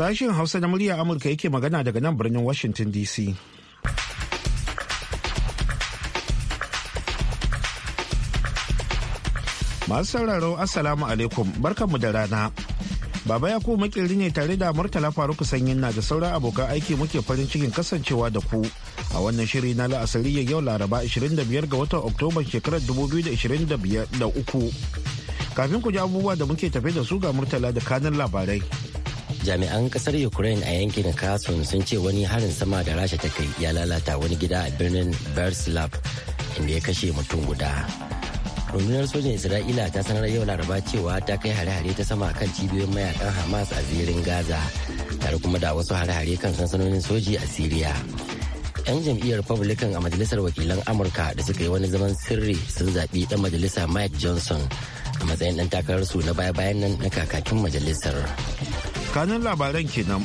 Sashen Hausa na murya Amurka yake magana daga nan birnin Washington DC. Masu sauraro Assalamu alaikum barkanmu da rana. Baba Yakubu makirri ne tare da Murtala Faruku Sanyin na da sauran abokan aiki muke farin cikin kasancewa da ku a wannan shiri na la'asari yau Laraba 25 ga watan Oktoba shekarar 2023. Kafin ku ji abubuwa da muke tafe da su ga Murtala da kanin labarai. jami'an kasar ukraine a yankin kasun sun ce wani harin sama da rasha ta kai ya lalata wani gida a birnin berslav inda ya kashe mutum guda rundunar sojan isra'ila ta sanar yau laraba cewa ta kai hare-hare ta sama kan cibiyoyin mayakan hamas a zirin gaza tare kuma da wasu hare-hare kan sansanonin soji a siriya 'yan jam'iyyar republican a majalisar wakilan amurka da suka yi wani zaman sirri sun zaɓi ɗan majalisa mike johnson a matsayin ɗan takararsu na baya-bayan nan na kakakin majalisar kanin labaran kenan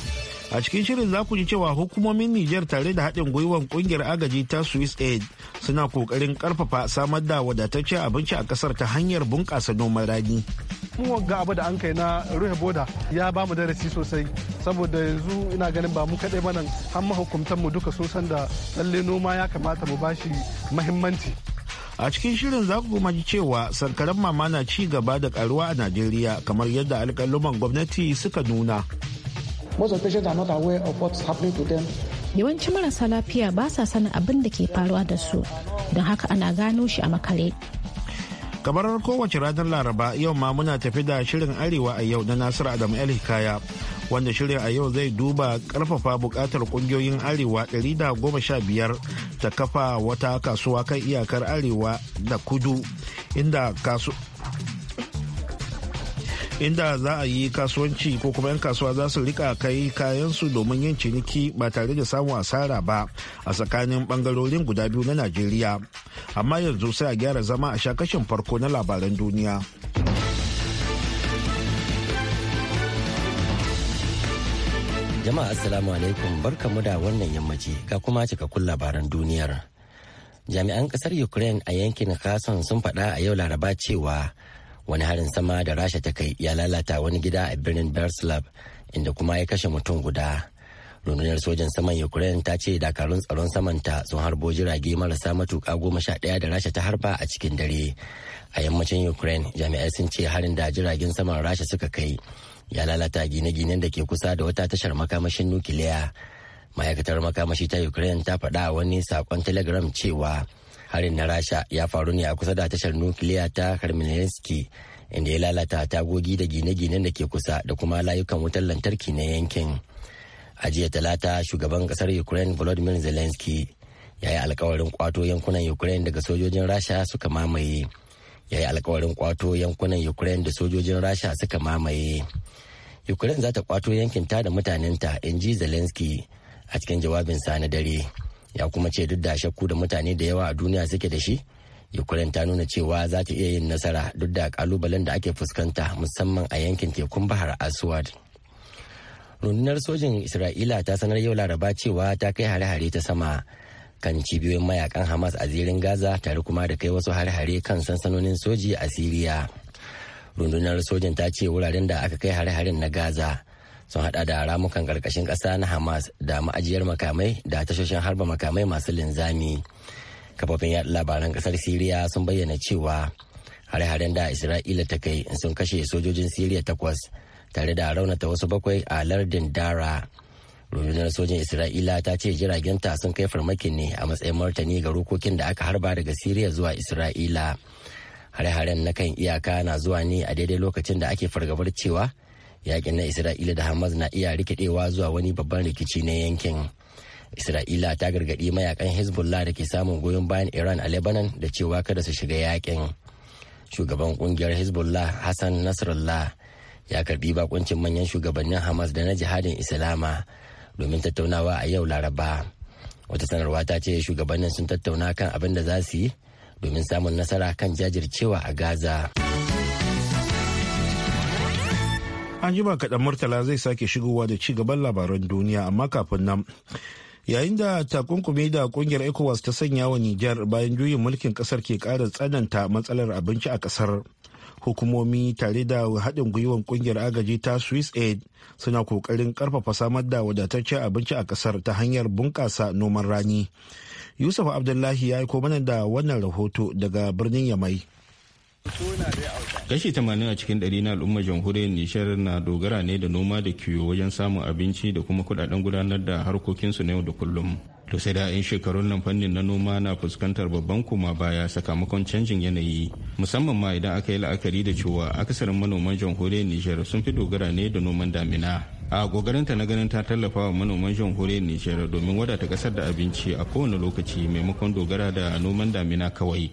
a cikin shirin za ku ji cewa hukumomin Nijar tare da haɗin gwiwar kungiyar agaji ta Swiss Aid suna ƙoƙarin ƙarfafa samar da wadataccen abinci a ƙasar ta hanyar bunƙasa noman rani. Mun wagga abu da an kai na ruhe boda ya ba mu darasi sosai saboda yanzu ina ganin ba mu kaɗai nan har mahukumtan mu duka sosan da lalle noma ya kamata mu bashi muhimmanci. a cikin shirin za ku kuma ji cewa sarkaran mama na ci gaba da karuwa a najeriya kamar yadda alƙaluman gwamnati suka nuna yawanci marasa lafiya ba sa sanin abin da ke faruwa da su don haka ana gano shi a makare kamar kowace ranar laraba yau ma muna tafi da shirin arewa a yau na nasiru adamu el hikaya wanda shirin a yau zai duba karfafa bukatar kungiyoyin arewa 115 ta kafa wata kasuwa kan iyakar arewa da kudu inda inda za a yi kasuwanci ko kuma 'yan kasuwa za su rika kai kayansu domin yin ciniki ba tare da samun asara ba a tsakanin bangarorin guda biyu na najeriya amma yanzu sai a gyara zama a shakashin farko na labaran duniya jama'a assalamu alaikum barkamu da wannan yammaci ga kuma cikakkun labaran duniyar jami'an kasar ukraine a yankin kason sun faɗa a yau laraba cewa wani harin sama da rasha ta kai ya lalata wani gida a birnin berslav inda kuma ya kashe mutum guda rundunar sojan saman ukraine ta ce dakarun tsaron samanta sun harbo jirage marasa matuka goma sha ɗaya da rasha ta harba a cikin dare a yammacin ukraine jami'ai sun ce harin da jiragen saman rasha suka kai ya lalata gine-ginen da ke kusa da wata tashar makamashin nukiliya ma'aikatar makamashi ta ukraine ta faɗa a wani saƙon telegram cewa harin na rasha ya faru ne a kusa da tashar nukiliya ta kremlinski inda ya lalata tagogi da gine-ginen da ke kusa da kuma layukan wutar lantarki na yankin a jiya talata shugaban kasar ukraine volodymyr zelensky ya yi alkawarin kwato yankunan ukraine daga sojojin rasha suka mamaye ya yi alkawarin kwato yankunan ukraine da sojojin rasha suka mamaye ukraine za ta kwato ta da mutanenta in ji zelensky a cikin jawabinsa na dare ya kuma ce duk da shakku da mutane da yawa a duniya suke da shi ukraine ta nuna cewa za ta iya yin nasara duk da kalubalen da ake fuskanta musamman a yankin tekun bahar aswad rundunar sojin isra'ila ta sanar yau laraba cewa ta kai hare-hare ta sama kan cibiyoyin mayakan hamas a zirin gaza tare kuma da kai wasu hare-hare kan sansanonin soji a siriya rundunar sojin ta ce wuraren da aka kai hare-haren na gaza sun hada da ramukan karkashin kasa na hamas da ma'ajiyar makamai da tashoshin harba makamai masu linzami kafofin yaɗa labaran kasar siriya sun bayyana cewa hare-haren da isra'ila ta kai sun kashe sojojin siriya takwas tare da raunata wasu bakwai a lardin dara rundunar sojin isra'ila ta ce jiragenta sun kai farmakin ne a matsayin martani ga rukokin da aka harba daga siriya zuwa isra'ila hare-haren na kan iyaka na zuwa ne a daidai lokacin da ake fargabar cewa yakin na isra'ila da hamas na iya rikidewa zuwa wani babban rikici na yankin isra'ila ta gargaɗi mayakan hezbollah da ke samun goyon bayan iran a lebanon da cewa kada su shiga yakin shugaban kungiyar hezbollah hassan nasrallah ya karbi bakuncin manyan shugabannin hamas da na jihadin islama domin tattaunawa a yau laraba wata sanarwa ta ce shugabannin sun tattauna kan abin da za su yi domin samun nasara kan jajircewa a gaza. An jima kaɗan Murtala zai sake shigowa da ci gaban labaran duniya amma kafin nan. Yayin da takunkumi da kungiyar ECOWAS ta sanya wa Nijar bayan juyin mulkin ƙasar ke ƙara tsananta matsalar abinci a ƙasar Hukumomi tare da haɗin gwiwar kungiyar agaji ta Swiss Aid suna ƙoƙarin ƙarfafa samar da wadataccen abinci a ƙasar ta hanyar bunƙasa noman rani. Yusuf Abdullahi ya aiko mana da wannan rahoto daga birnin Yamai. Kashi 80 a cikin ɗari na al'ummar jamhuriyar Nishar na dogara ne da noma da kiwo wajen samun abinci da kuma kudaden gudanar da harkokinsu na yau da kullum. To sai da 'yan shekarun nan fannin na noma na fuskantar babban kuma baya sakamakon canjin yanayi musamman ma idan aka yi la'akari da cewa akasarin manoman jamhuriyar Nishar sun fi dogara ne da noman damina. a kokarinta na ganin ta tallafa wa manoman jamhuriyar nijar domin wadata kasar da abinci a kowane lokaci maimakon dogara da noman damina kawai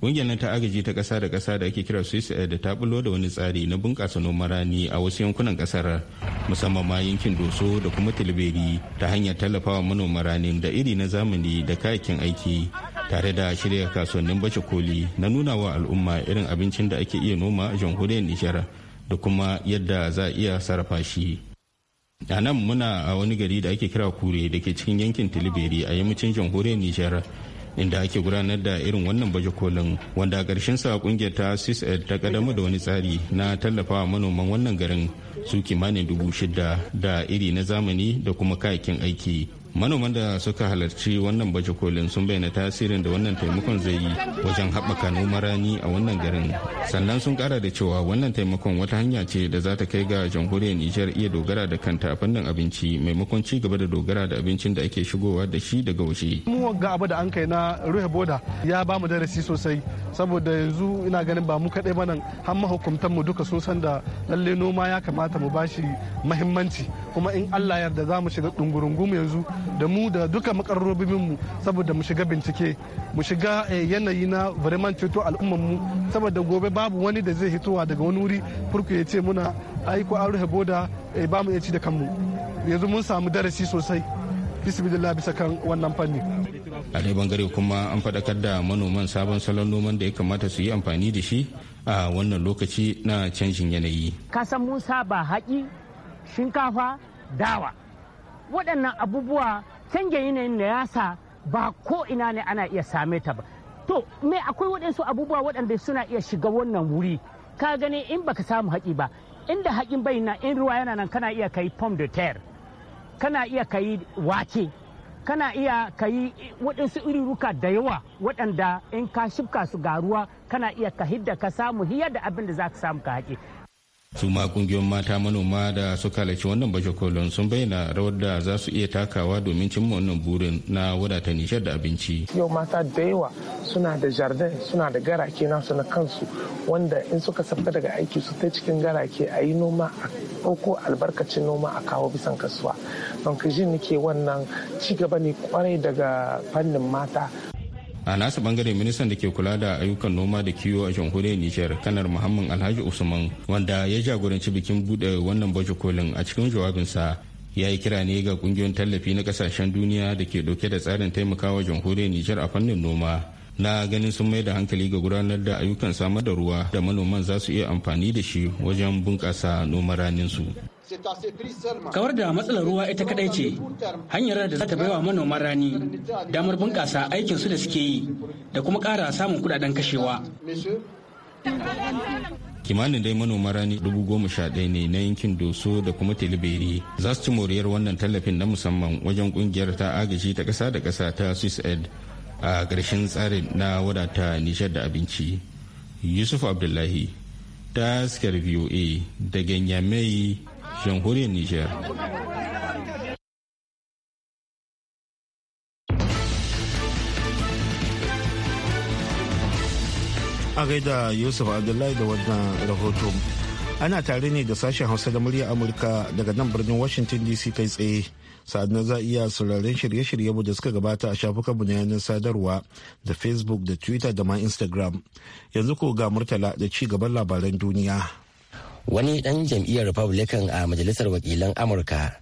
Ƙungiyar nan ta agaji ta kasa da kasa da ake kira Swiss da ta bulo da wani tsari na bunƙasa noman rani a wasu yankunan ƙasar musamman ma yankin Doso da kuma Tilberi ta hanyar tallafawa manoman rani da iri na zamani da kayakin aiki tare da shirya kasuwannin bace koli na nuna wa al'umma irin abincin da ake iya noma a jamhuriyar Nijar da kuma yadda za a iya sarrafa shi. A nan muna a wani gari da ake kira Kure da ke cikin yankin Tilibiri a yammacin jamhuriyar Nijar inda ake gudanar da irin wannan baje kolin wanda a sa kungiyar ta sised ta ƙaddamar da wani tsari na tallafawa manoman wannan garin su kimanin dubu shida da iri na zamani da kuma kayakin aiki manoman da suka halarci wannan baje kolin sun bayyana tasirin da wannan taimakon zai yi wajen haɓaka noma rani a wannan garin sannan sun kara da cewa wannan taimakon wata hanya ce da za ta kai ga jamhuriyar nijar iya dogara da kanta fannin abinci maimakon ci gaba da dogara da abincin da ake shigowa da shi daga waje mu ga abu da an kai na ruhe boda ya ba mu darasi sosai saboda yanzu ina ganin ba mu kaɗai ba nan har mahukuntan mu duka sun san da lalle noma ya kamata mu bashi muhimmanci. kuma in allah yarda za mu shiga ɗungurungum yanzu da mu da duka makarrobin mu saboda mu shiga bincike mu shiga eh, yanayi na vraiment ceto al'ummar mu saboda gobe babu wani da zai hitowa daga wani wuri furku ya ce muna aiko an rufe boda eh, ba mu iya ci da kanmu yanzu mun samu darasi sosai bismillah bisa kan wannan fanni a dai bangare kuma an faɗakar da manoman sabon salon noman da ya kamata su yi amfani da shi a wannan lokaci na canjin yanayi ka musa ba haƙi shinkafa dawa waɗannan abubuwa canjin yanayin na yasa ba ko ina ne ana iya same ta ba to me akwai waɗansu abubuwa waɗanda suna iya shiga wannan wuri ka gani in baka samu haƙi ba inda haƙin bai na in ruwa yana nan kana iya kai pom de terre kana iya kai wake kana iya kayi waɗansu iriruka da yawa waɗanda in ka shifka su ga ruwa kana iya ka hidda ka samu hiyar da abin da za ka samu ka haƙi suma ma kungiyoyin mata manoma da suka halarci wannan bashe kolon sun bayyana rawar da za su iya takawa domin cimma wannan burin na wadata nishar da abinci yau mata da yawa suna da jardin suna da garake nasu na kansu wanda in suka sabka daga aiki su ta cikin garake a yi noma a ɗauko albarkacin noma a kawo bisan kasuwa don ka ji nake wannan ci gaba ne kwarai daga fannin mata a nasa bangare ministan da ke kula da ayyukan noma da kiwo a jamhuriyar niger kanar muhammad alhaji usman wanda ya jagoranci bikin bude wannan baje kolin a cikin jawabinsa ya yi kira ne ga kungiyoyin tallafi na kasashen duniya da ke dauke da tsarin taimakawa jamhuriyar niger a fannin noma na ganin sun mai da hankali ga gudanar da ayyukan samar da ruwa da manoman za su iya amfani da shi wajen bunƙasa noma raninsu. Kawar da matsalar ruwa ita kadai ce hanyar da za ta baiwa manoman rani damar bunƙasa aikin su da suke yi da kuma ƙara samun kudaden kashewa. kimanin dai manoman rani dubu goma sha ɗaya ne na yankin doso da kuma teliberi za su ci moriyar wannan tallafin na musamman wajen kungiyar ta agaji ta ƙasa da ƙasa ta swiss aid a ƙarshen tsarin na wadata nishar da abinci yusuf abdullahi ta voa da nyamai jamhuriyar Nijar. A gaida Yusuf Abdullahi da wannan rahoto Ana tare ne da sashen Hausa da murya Amurka daga nan birnin Washington DC kai tsaye. sa'adna za iya sauraron shirye-shirye mu da suka gabata a shafukanmu na yanar sadarwa da facebook da twitter da ma instagram yanzu ko ga murtala da ci gaban labaran duniya wani dan jam'iyyar republican a majalisar wakilan amurka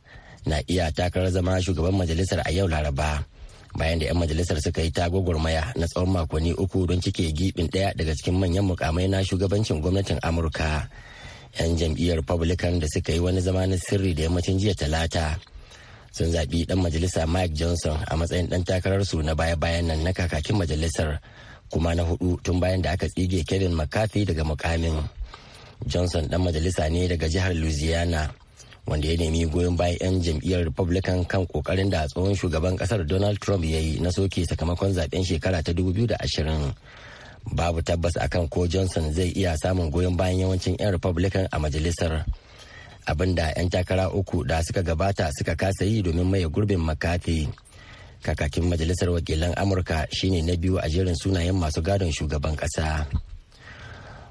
na iya takarar zama shugaban majalisar a yau laraba bayan da 'yan majalisar suka yi maya na tsawon makonni uku don cike gibin ɗaya daga cikin manyan mukamai na shugabancin gwamnatin amurka 'yan jam'iyyar republican da suka yi wani zama na sirri da yammacin jiya talata sun zaɓi ɗan majalisa mike johnson a matsayin ɗan takararsu na baya-bayan nan na kakakin majalisar kuma na hudu tun bayan da aka tsige kevin mccarthy daga mukamin. johnson dan majalisa ne daga jihar louisiana wanda ya nemi goyon bayan 'yan jam'iyyar republican kan kokarin da tsohon shugaban kasar donald trump ya yi na soke sakamakon zaben shekara ta 2020 babu tabbas akan ko johnson zai iya samun goyon bayan yawancin 'yan republican a majalisar abinda 'yan takara uku da suka gabata suka kasa yi domin maye gurbin makafi kakakin majalisar wakilan amurka shine na biyu a jerin sunayen masu gadon shugaban kasa.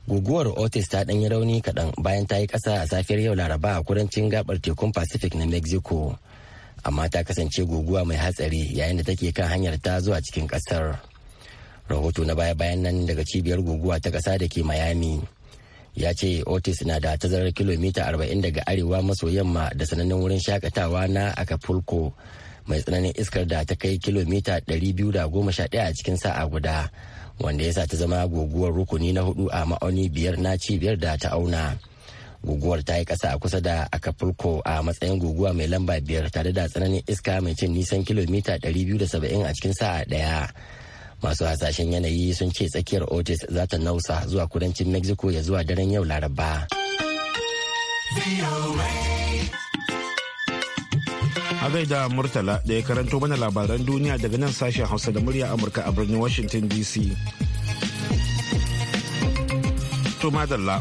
guguwar otis ta ɗanyi rauni kaɗan bayan ta yi ƙasa a safiyar yau laraba a kudancin gabar tekun pacific na mexico amma ta kasance guguwa mai hatsari yayin da take kan hanyar ta zuwa cikin ƙasar rahoto na baya-bayan nan daga cibiyar guguwa ta ƙasa da ke miami ya ce otis na da tazarar kilomita 40 daga arewa maso yamma da sanannen wurin shakatawa na acapulco mai tsananin iskar da ta kai kilomita 211 a cikin sa'a guda wanda ya sa ta zama guguwar rukuni na hudu a ma'auni biyar na cibiyar da ta auna guguwar ta yi kasa a kusa da akapulko a matsayin guguwa mai lamba biyar tare da tsananin iska mai cin nisan kilomita 270 a cikin sa'a daya masu hasashen yanayi sun ce tsakiyar otis za ta nausa zuwa kudancin mexico ya zuwa daren yau laraba. a gaida murtala da ya karanto mana labaran duniya daga nan sashen hausa da murya amurka a birnin washington dc to madalla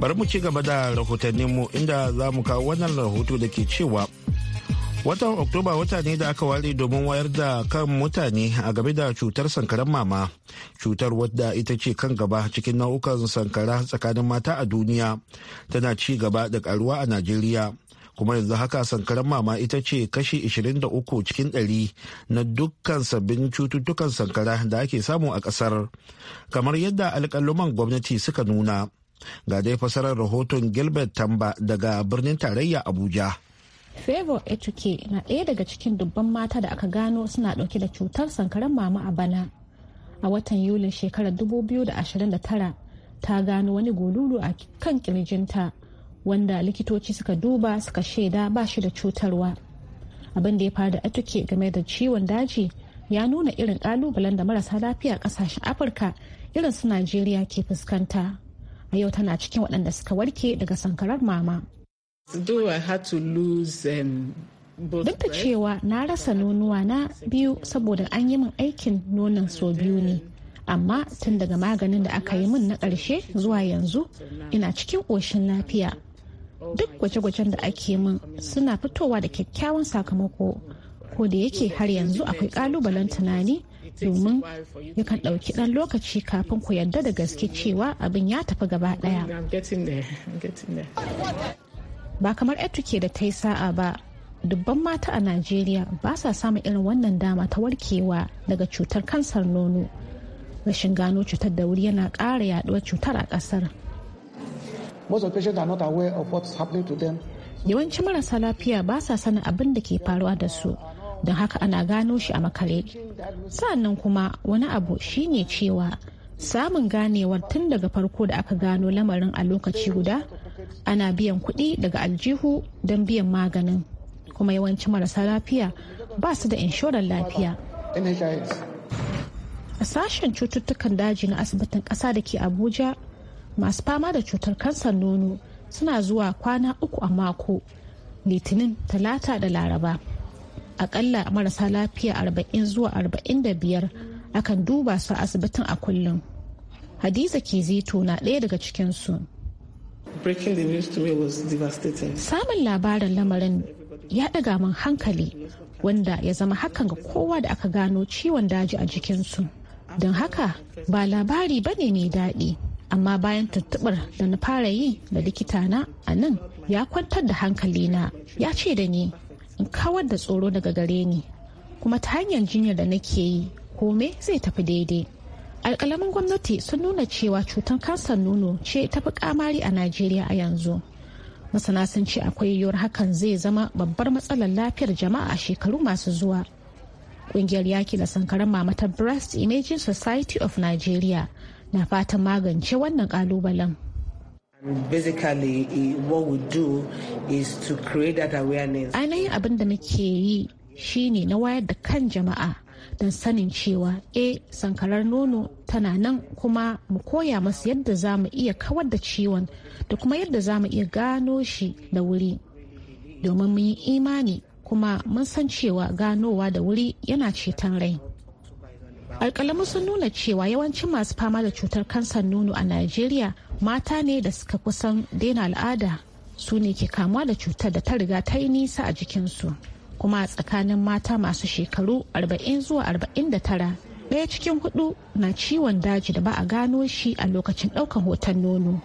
bari mu ci gaba da rahotanninmu inda za mu kawo wannan rahoto da ke cewa watan oktoba wata ne da aka ware domin wayar da kan mutane a game da cutar sankaran mama cutar wadda ita ce kan gaba cikin nau'ukan sankara tsakanin mata a duniya tana ci gaba da karuwa a najeriya kuma yanzu haka sankaran mama ita ce kashi 23 cikin 100 na dukkan sabbin cututtukan sankara da ake samu a kasar kamar yadda alƙaluman gwamnati suka nuna ga dai fasarar rahoton gilbert tamba daga birnin tarayya abuja Favor Etuke na ɗaya daga cikin dubban mata da aka gano suna ɗauke da cutar sankaran mama a bana. A watan Yulin shekarar 2029 ta gano wani golulu a kan kirjinta wanda likitoci suka duba suka shaida ba shi da cutarwa abin da ya faru da atuke game da ciwon daji ya nuna irin kalubalen da marasa lafiya kasashen afirka irin su najeriya ke fuskanta a yau tana cikin waɗanda suka warke daga sankarar mama um, duk da cewa na rasa nonuwa na biyu saboda an yi min aikin nonon so biyu ne amma tun daga maganin da aka yi min na ƙarshe zuwa yanzu ina cikin ƙoshin lafiya duk gwaje-gwajen da ake min suna fitowa da kyakkyawan sakamako ko da yake har yanzu akwai kalubalen tunani domin ya kan ɗauki ɗan lokaci kafin ku yarda da gaske cewa abin ya tafi gaba ɗaya. Ba kamar ke da ta yi sa'a ba, dubban mata a Najeriya ba sa samun irin wannan dama ta warkewa daga cutar kansar nono. Rashin gano cutar da wuri yana ƙara yaɗuwar cutar a ƙasar. most of patients are not aware of what's happening to them yawanci marasa lafiya ba sa sanin abin da ke faruwa da su don haka ana gano shi a makare sa'annan kuma wani abu shine cewa samun ganewar tun daga farko da aka gano lamarin a lokaci guda ana biyan kuɗi daga aljihu don biyan maganin kuma yawanci marasa lafiya ba su da inshorar lafiya a sashen cututtukan daji na asibitin ƙasa da ke abuja masu fama da cutar kansar nono suna zuwa kwana uku a mako litinin talata da laraba akalla marasa lafiya arba'in zuwa arba'in da biyar akan duba su a asibitin a kullum hadiza kizito na ɗaya daga cikinsu samun labarin lamarin ya ɗaga min hankali wanda ya zama hakan ga kowa da aka gano ciwon daji a jikinsu don haka ba labari bane mai daɗi amma bayan tuntuɓar da na fara yi da likitana a nan ya kwantar da hankalina ya ce da ni in kawar da tsoro daga gare ni kuma ta hanyar jinyar da nake yi kome zai tafi daidai alkalamin gwamnati sun nuna cewa cutar kansar nono ce ta fi kamari a najeriya a yanzu masana sun ce akwai yiwuwar hakan zai zama babbar matsalar lafiyar jama'a a shekaru masu zuwa ƙungiyar yaki da sankaran mama ta breast imaging society of nigeria na fatan magance wannan kalubalen. basically what is to create that ainihin abin da muke yi shine na wayar da kan jama'a don sanin cewa eh sankarar nono tana nan kuma mu koya masu yadda za mu iya kawar da ciwon da kuma yadda za mu iya gano shi da wuri domin mun yi imani kuma mun san cewa ganowa da wuri yana ceton rai alkalamu sun nuna cewa yawancin masu fama da cutar kansar nono a najeriya mata ne da suka kusan daina al'ada su ne ke kamuwa da cutar da ta riga ta yi nisa a jikinsu kuma a tsakanin mata masu shekaru 40 zuwa 49 daya cikin hudu na ciwon daji da ba a gano shi a lokacin ɗaukan hoton nono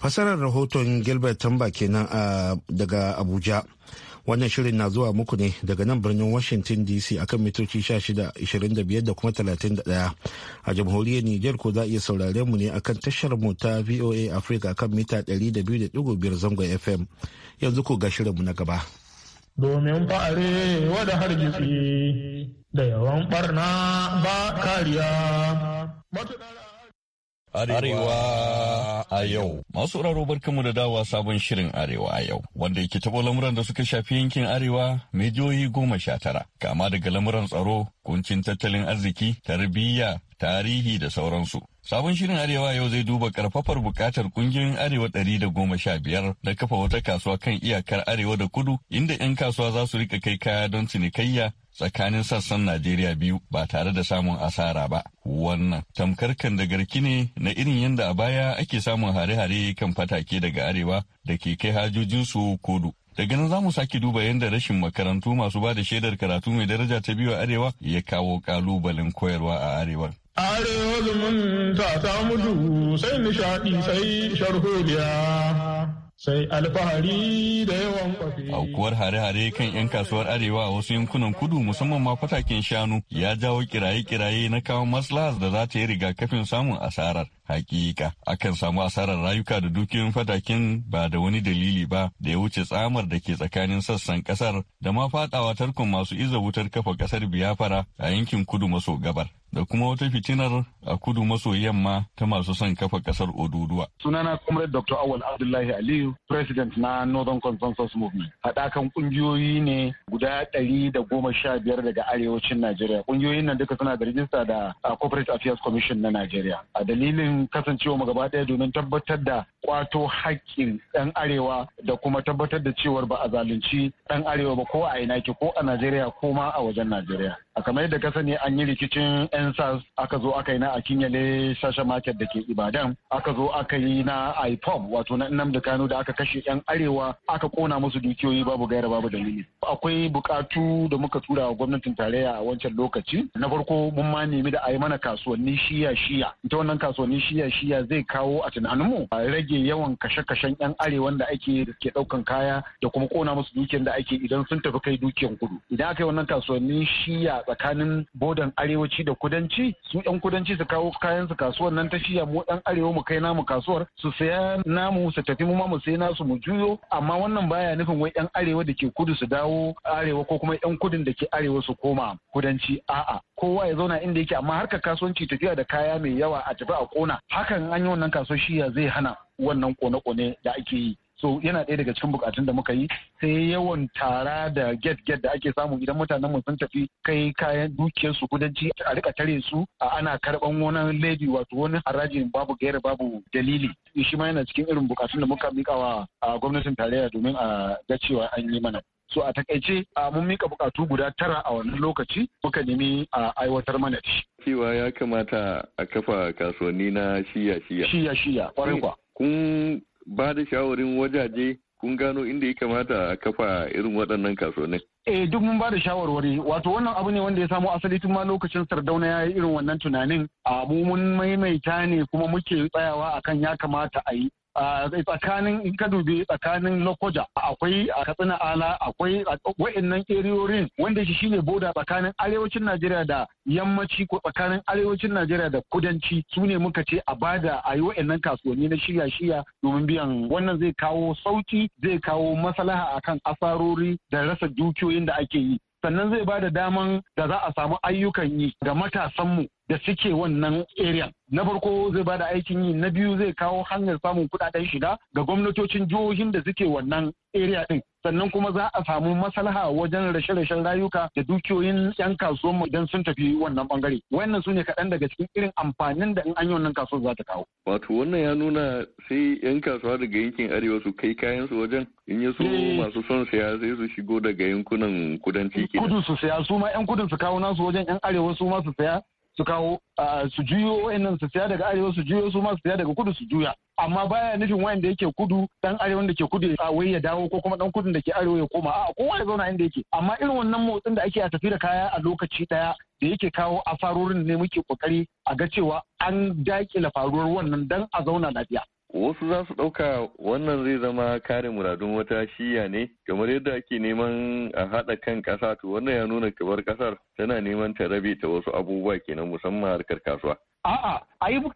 fasarar rahoton gilbert tamba kenan ah, daga abuja Wannan shirin na zuwa muku ne daga nan birnin Washington DC akan mitoci 16, da kuma 31. A jamhuriyar niger ko za a iya sauraren mu ne akan tashar mu ta VOA Africa akan mita 200.5 zangon FM. Yanzu ko ga shirin mu na gaba. Domin fa'are wada hargitsi da yawan barna ba kariya. Arewa a yau. Masu raro barkanmu da dawa sabon shirin Arewa a yau, wanda yake taɓa lamuran da suka shafi yankin Arewa mai jihohi goma sha tara, kama daga lamuran tsaro, kuncin tattalin arziki, tarbiyya, tarihi da sauransu. Sabon shirin Arewa yau zai duba karfafar bukatar kungiyoyin Arewa ɗari da goma sha biyar na kafa wata kasuwa kan iyakar Arewa da Kudu, inda 'yan kasuwa za su rika kai kaya don cinikayya tsakanin sassan Najeriya biyu ba tare da samun asara ba. Wannan tamkar garki ne na irin yadda a baya ake samun hare-hare kan fatake daga arewa da ke kai hajojinsu kudu. Daga nan za mu sake duba yadda rashin makarantu masu ba da shaidar karatu mai daraja ta biyu a arewa ya kawo kalubalen koyarwa a arewa. Arewa zumunta ta mutu sai nishaɗi sai sharholiya. sai alfahari da yawan kwafi. Aukuwar hare-hare kan 'yan kasuwar Arewa a wasu yankunan kudu musamman ma fatakin shanu ya jawo kiraye-kiraye na kawo maslahas da za ta yi rigakafin samun asarar. hakika akan samu asarar rayuka da dukiyoyin fatakin ba da wani dalili ba da ya wuce tsamar da ke tsakanin sassan kasar da ma fadawa tarkon masu iza wutar kafa kasar biyafara a yankin kudu maso gabar da kuma wata fitinar a kudu maso yamma ta masu son kafa kasar oduduwa. Sunana Comrade Dr. Awal Abdullahi Aliyu, President na Northern Consensus Movement. Haɗakan ƙungiyoyi ne guda ɗari da goma sha biyar daga arewacin Najeriya. Ƙungiyoyin nan duka suna da rijista da Corporate Affairs Commission na Najeriya. A dalilin kasancewa mu gaba ɗaya domin tabbatar da kwato haƙƙin ɗan arewa da kuma tabbatar da cewar ba a zalunci ɗan arewa ba ko a ina ko a Najeriya ko ma a wajen Najeriya. a kamar yadda ka sani an yi rikicin yan sas aka zo aka yi na akinyale sashen market da ke ibadan aka zo aka yi na ipob wato na nnamdi kano da aka kashe yan arewa aka kona musu dukiyoyi babu gaira babu dalili akwai bukatu da muka tura wa gwamnatin tarayya a wancan lokaci na farko mun ma nemi da a yi mana kasuwanni shiya shiya ita wannan kasuwanni shiya shiya zai kawo a tunaninmu rage yawan kashe-kashen yan arewan da ake ke daukan kaya da kuma kona musu dukiyan da ake idan sun tafi kai dukiyan kudu idan aka yi wannan kasuwanni shiya tsakanin bodan arewaci da kudanci su yan kudanci su kawo kayan su kasuwar nan ta shiya mu dan arewa mu kai namu kasuwar su saya namu su tafi mu ma mu sai nasu mu juyo amma wannan baya nufin wai yan arewa da ke kudu su dawo arewa ko kuma yan kudin da ke arewa su koma kudanci a'a kowa ya zauna inda yake amma harka kasuwanci tafiya da kaya mai yawa a tafi a kona hakan an yi wannan kasuwar shiya zai hana wannan kone-kone da ake yi so yana ɗaya daga cikin bukatun da muka yi sai yawan tara da get get da ake samu idan mutanen mu sun tafi kai kayan dukiyar su kudanci a rika tare su a ana karban wani lady wato wani haraji babu gaira babu dalili shi ma yana cikin irin bukatun da muka mika wa gwamnatin tarayya domin a ga cewa an yi mana so a takaice a mun mika bukatu guda tara a wannan lokaci muka nemi a aiwatar mana da shi cewa ya kamata a kafa kasuwanni na shiya shiya shiya shiya kwarai kwa kun ba da shawarin wajaje kun gano inda ya kamata a kafa irin waɗannan kasuwanni. Eh duk mun ba da shawarwari wato wannan abu ne wanda ya samo asali tun ma lokacin Sardauna ya yi irin wannan tunanin a mu mun maimaita ne kuma muke tsayawa akan ya kamata a yi Eh, tsakanin kadubi tsakanin lokoja akwai a katsina ala akwai wa'annan eriyorin wanda shi shine boda tsakanin arewacin najeriya da yammaci ko tsakanin arewacin najeriya da kudanci su ne muka ce a bada a yi wa'annan kasuwanni na shirya-shirya domin biyan wannan zai kawo sauki zai kawo maslaha kan asarori da rasa dukiyoyin da ake yi sannan zai bada daman da za a samu ayyukan yi ga matasanmu da suke wannan area na farko zai bada aikin yi na biyu zai kawo hanyar samun kudaden shiga ga gwamnatocin jihohin da suke wannan area din sannan kuma za a samu maslaha wajen rashe-rashen rayuka da dukiyoyin 'yan kasuwan mu idan sun tafi wannan bangare wannan sune kadan kaɗan daga cikin irin amfanin da in an yi wannan kasuwar za ta kawo wato wannan ya nuna sai 'yan kasuwa daga yankin arewa su kai kayan su wajen in ya so eh. masu son siya sai su shigo daga yankunan kudanci kudu su siya su ma 'yan kudun su kawo nasu wajen 'yan arewa su ma su saya su kawo su juyo wayannan su siya daga arewa su juyo su ma su siya daga kudu su juya amma baya nufin wayanda yake kudu dan arewa da ke kudu a wai ya dawo ko kuma dan kudun da ke arewa ya koma a kowa ya zauna inda yake amma irin wannan motsin da ake a tafi da kaya a lokaci daya da yake kawo a farorin ne muke kokari a ga cewa an dakila faruwar wannan dan a zauna lafiya wasu za su ɗauka wannan zai zama kare muradun wata shiya ne kamar yadda ake neman a haɗa kan ƙasa to wannan ya nuna kamar ƙasar tana neman ta rabe ta wasu abubuwa kenan musamman harkar kasuwa. A'a,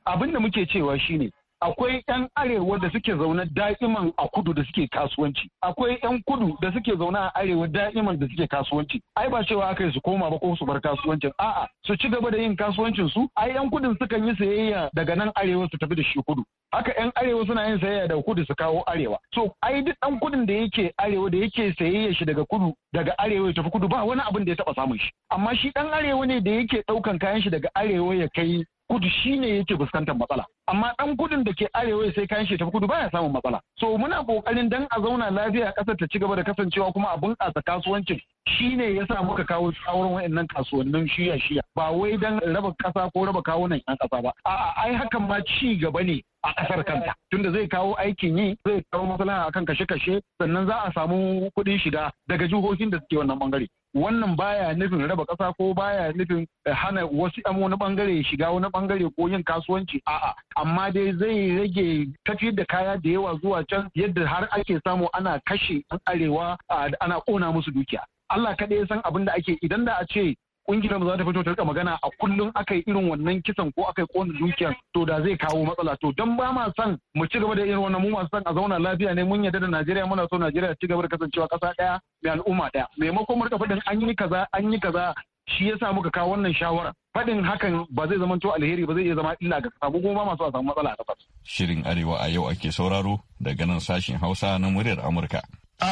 abin da muke cewa shine akwai 'yan arewa da suke zaune da'iman a kudu da suke kasuwanci akwai 'yan kudu da suke zaune a arewa da'iman da suke kasuwanci ai ba cewa aka yi su koma ba ko su bar kasuwancin a'a su ci gaba da yin kasuwancin su ai 'yan kudin sukan yi sayayya daga nan arewa su tafi da shi kudu haka 'yan arewa suna yin sayayya daga kudu su kawo arewa so ai duk ɗan kudin da yake arewa da yake sayayya shi daga kudu daga arewa ya tafi kudu ba wani abin da ya taba samun shi amma shi ɗan arewa ne da yake ɗaukan kayan shi daga arewa ya kai kudu shi ne yake fuskantar matsala amma dan gudun da ke arewa sai kayan shi ta kudu baya samun matsala so muna kokarin dan a zauna lafiya kasar ta ci gaba da kasancewa kuma a bunƙasa kasuwancin shi ne ya sa muka kawo tsawon wayannan kasuwannin shiya shiya ba wai dan raba kasa ko raba kawunan yan kasa ba a'a ai hakan ma ci gaba ne a kasar kanta tunda zai kawo aikin yi zai kawo maslaha akan kashe-kashe sannan za a samu kuɗin shiga daga jihohin da suke wannan bangare wannan baya nufin raba ƙasa ko baya nufin hana wasu yan wani bangare shiga wani bangare ko yin kasuwanci a'a amma dai zai rage tafiyar da kaya da yawa zuwa can yadda har ake samu ana kashe an arewa ana kona musu dukiya Allah kaɗai ya san abin da ake idan da a ce kungiyar mu za ta fito ta rika magana a kullum aka yi irin wannan kisan ko aka yi kona dukiya to da zai kawo matsala to dan ba ma san mu ci gaba da irin wannan mu ma san a zauna lafiya ne mun yarda da Najeriya muna so Najeriya ci gaba da kasancewa kasa daya mai al'umma daya maimakon mu rika faɗin an yi kaza an yi kaza shi yasa muka kawo wannan shawara faɗin hakan ba zai zama to alheri ba zai iya zama illa ga kasa ko ma masu a samu matsala a kasa shirin arewa a yau ake sauraro daga nan sashin Hausa na muryar Amurka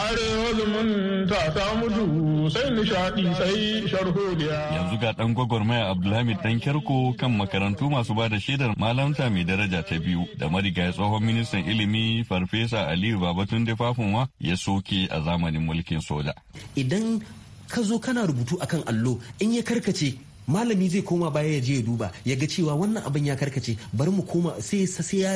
arewa zumunta ta mutu sai nishaɗi sai Yanzu ga ɗan gwagwarmaya Abdulhamid dan kyarko kan makarantu masu ba da shaidar malamta mai daraja ta biyu da marigayi tsohon ministan ilimi Farfesa Aliyu da Fafunwa ya soke a zamanin mulkin soja. Idan ka zo kana rubutu akan allo in ya karkace malami zai koma baya ya je ya duba ya ga cewa wannan abin ya karkace bari mu koma sai ya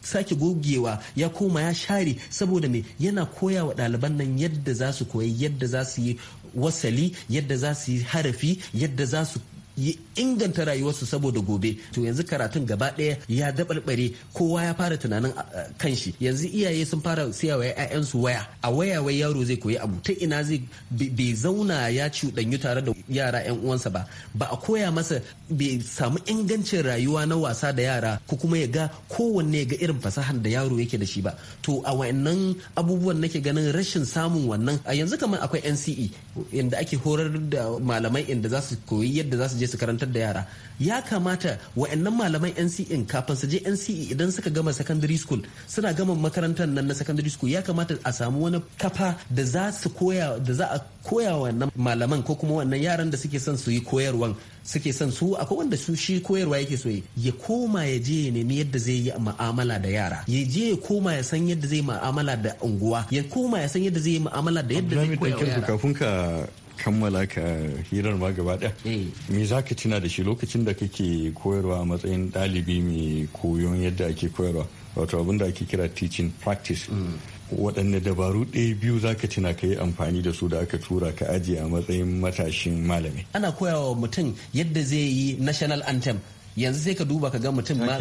sake gogewa ya koma ya share saboda me yana koya wa ɗaliban nan yadda za su koyi yadda za su yi wasali yadda za su yi harafi yadda za su ya inganta rayuwarsu saboda gobe to yanzu karatun gaba ɗaya ya daɓarɓare kowa ya fara tunanin kan shi yanzu iyaye sun fara siya siyawa ‘ya'yansu waya a waya wai yaro zai koyi abu ta ina zai bai zauna ya cuɗanyu tare da yara ‘yan uwansa ba ba a koya masa bai samu ingancin rayuwa na wasa da yara ko kuma ya ga kowanne ga irin fasahar da yaro yake da shi ba to a wannan abubuwan nake ganin rashin samun wannan a yanzu kamar akwai NCE inda ake horar da malamai inda za su koyi yadda za su je su karantar da yara ya kamata wa'annan malaman NCE kafin su je NCE idan suka gama secondary school suna gama makarantar nan na secondary school ya kamata a samu wani kafa da za su koya da za a koya wannan malaman ko kuma wannan yaran da suke son su yi koyarwan suke son su akwai wanda su shi koyarwa yake so ya koma ya je ya nemi yadda zai yi ma'amala da yara ya je ya koma ya san yadda zai ma'amala da unguwa ya koma ya san yadda zai yi ma'amala da yadda zai koya yara kammala ka hirar ma gaba ɗaya eh. me za ka tuna da shi lokacin da kake koyarwa a matsayin ɗalibi mai koyon yadda ake koyarwa wato abin da ake kira teaching practice mm. waɗanne dabaru ɗaya biyu za ka tuna ka yi amfani da su da aka tura ka ajiye a matsayin matashin malami ana koyawa mutum yadda zai yi national anthem yanzu sai ka duba ka ga mutum ma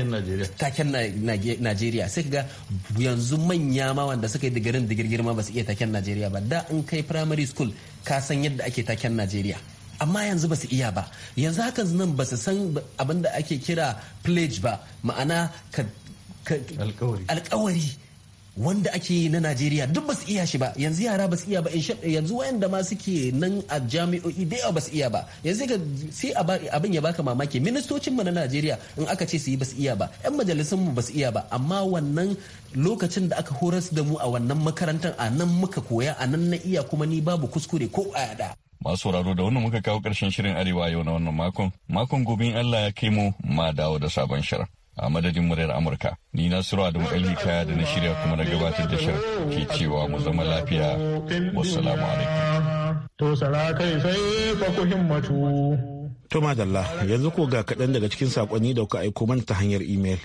taken najeriya sai ka ga yanzu manya ma wanda suka yi digirin digirgir ma ba su iya taken najeriya ba da in kai primary school ka san yadda ake taken najeriya amma yanzu ba su iya ba yanzu haka nan ba su san abin da ake kira pledge ba ma'ana alkawari wanda ake yi na Najeriya duk basu iya shi ba yanzu yara basu iya ba yanzu wayanda ma suke nan a jami'o'i da yawa basu iya ba yanzu sai abin ya baka mamaki ministocin mu na Najeriya in aka ce su yi basu iya ba yan majalisun mu basu iya ba amma wannan lokacin da aka horas da mu a wannan makarantar a nan muka koya a nan na iya kuma ni babu kuskure ko a masu sauraro da wannan muka kawo karshen shirin arewa yau na wannan makon makon gobe in Allah ya kai mu ma dawo da sabon shirin a madadin muryar Amurka. Ni na Sura mu'alli kaya da na shirya kuma na gabatar da shirin ke cewa mu zama lafiya. Wassalamu alaikum. To kai sai himmatu. To madalla yanzu ko ga kaɗan daga cikin saƙonni da kuka aiko mana ta hanyar imel.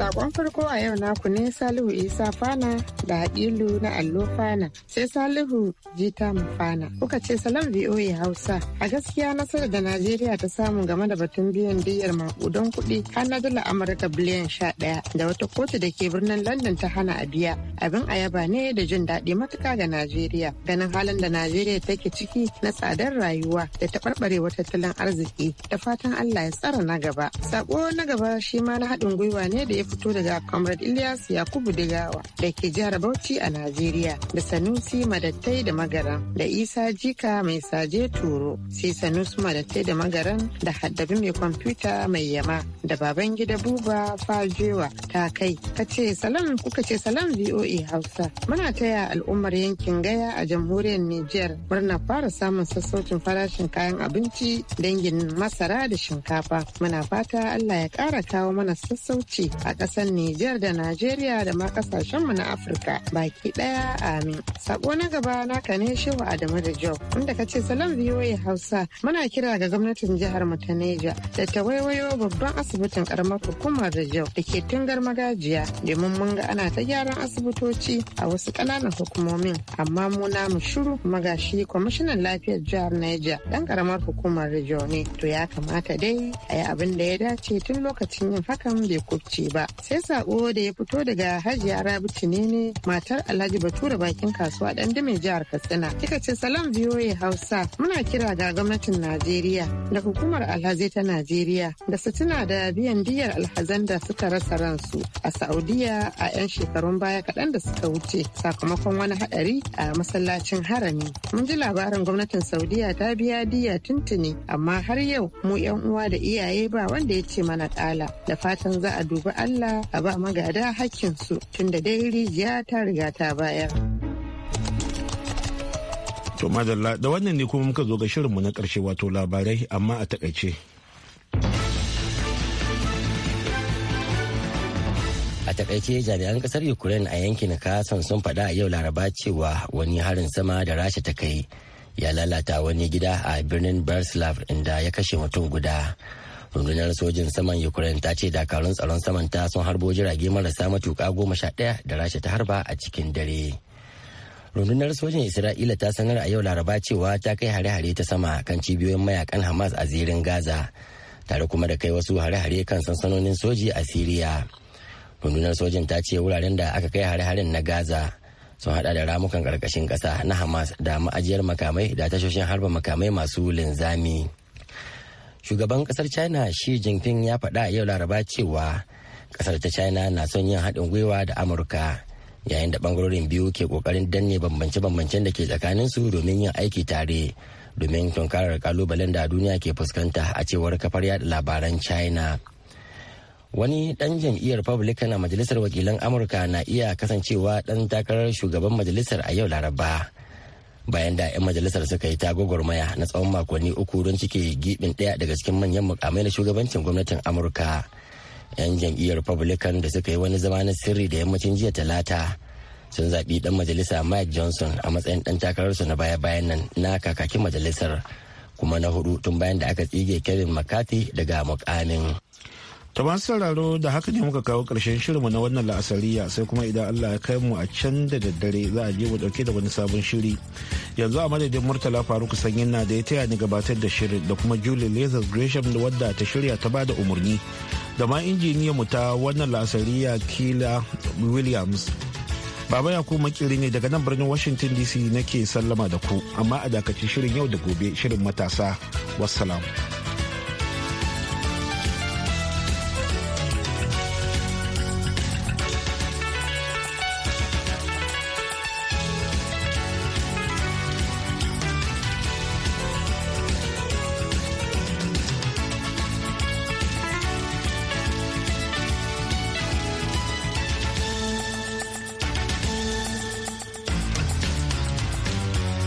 Sakon farko a yau naku ne Salihu Isa Fana da Hakilu na Allo Fana sai Salihu Jita Mufana. Kuka ce salam VOA Hausa. A gaskiya nasarar da Najeriya ta samu game da batun biyan diyyar maƙudan kuɗi har na dala Amurka biliyan sha ɗaya da wata kotu da ke birnin London ta hana a biya. Abin ayaba ne da jin daɗi matuka ga Najeriya. Ganin halin da Najeriya take ciki na tsadar rayuwa da taɓarɓarewa tattalin arziki da fatan Allah ya tsara na gaba. Sako na gaba shi ma na haɗin gwiwa ne da ya fito daga Comrade Ilyas Yakubu Digawa da ke jihar Bauchi a Najeriya da Sanusi Madattai da Magaran da Isa Jika mai saje turo sai Sanusi Madattai da Magaran da haddabi mai kwamfuta mai yama da baban gida Buba Fajewa ta kai ka ce salam kuka ce salam VOA Hausa muna taya al'ummar yankin Gaya a jamhuriyar Nijar murna fara samun sassaucin farashin kayan abinci dangin masara da shinkafa muna fata Allah ya kara kawo mana sassauci a ƙasar Nijar da Najeriya da ma mu na Afirka baki ɗaya amin. Sako na gaba na kane ne wa Adamu da Job inda ka ce salam VOA Hausa muna kira ga gwamnatin jihar mu ta Neja da ta waiwayo babban asibitin karamar hukumar da Job da ke tungar magajiya domin mun ga ana ta gyaran asibitoci a wasu ƙananan hukumomin amma mu na mu shiru magashi kwamishinan lafiyar jihar Neja dan karamar hukumar Rijo ne to ya kamata dai a yi abin da ya dace tun lokacin yin hakan bai kubce ba. ba sai sako da ya fito daga hajiya rabi Tinene, matar alhaji bature bakin kasuwa dan dimin jihar katsina kika ce salam biyoyi hausa muna kira ga gwamnatin najeriya da hukumar alhazai ta najeriya da su tuna da biyan diyar alhazan da suka rasa ransu a saudiya a 'yan shekarun baya kaɗan da suka wuce sakamakon wani haɗari a masallacin harami mun ji labarin gwamnatin saudiya ta biya diya tuntuni amma har yau mu 'yan uwa da iyaye ba wanda ya ce mana ƙala da fatan za a dubi Allah a ba magada hakkinsu tunda dai rijiya ta riga ta bayar. To madalla da wannan ne kuma muka zo ga shirinmu na ƙarshe wato labarai amma a takaice. a takaice jami'an kasar ukraine a yankin kasan sun faɗa a yau laraba cewa wani harin sama da rasha ta kai ya lalata wani gida a birnin berslav inda ya kashe mutum guda rundunar sojin saman ukraine ta ce dakarun tsaron saman ta sun harbo jirage marasa matuka goma sha ɗaya da rasha ta harba a cikin dare rundunar sojin isra'ila ta sanar a yau laraba cewa ta kai hare-hare ta sama kan cibiyoyin mayakan hamas a zirin gaza tare kuma da kai wasu hare-hare kan sansanonin soji a siriya rundunar sojin ta ce wuraren da aka kai hare-haren na gaza sun hada da ramukan karkashin kasa na hamas da ma'ajiyar makamai da tashoshin harba makamai masu linzami. shugaban kasar china shi jinping ya faɗa yau laraba cewa kasar ta china na son yin haɗin gwiwa da amurka yayin da bangarorin biyu ke kokarin danne bambance-bambancen da ke su domin yin aiki tare domin tunkarar kalubalen da duniya ke fuskanta a cewar kafar yada labaran china wani dan jam'iyyar republican a majalisar wakilan amurka na iya kasancewa dan takarar shugaban majalisar a yau laraba bayan da 'yan majalisar suka yi maya na tsawon makonni uku don cike gibin ɗaya daga cikin manyan mukamai na shugabancin gwamnatin amurka 'yan jam'iyyar republican da suka yi wani zama na sirri da yammacin jiya talata sun zaɓi ɗan majalisa mike johnson a matsayin ɗan takararsu na baya-bayan nan na kakakin majalisar kuma na hudu tun bayan da aka tsige kevin mccarthy daga mukamin ta masu sauraro da haka ne muka kawo ƙarshen shirinmu na wannan la'asariya sai kuma idan Allah ya kai mu a can da daddare za a je mu ɗauke da wani sabon shiri. Yanzu a madadin Murtala Faruk Sanyin na da ya taya ni gabatar da shirin da kuma Julie Lazarus Gresham da wadda ta shirya ta bada umarni. Da ma injiniya mu ta wannan la'asariya Kila Williams. Baba ya kuma makiri ne daga nan birnin Washington DC nake sallama da ku amma a dakacin shirin yau da gobe shirin matasa. Wassalam.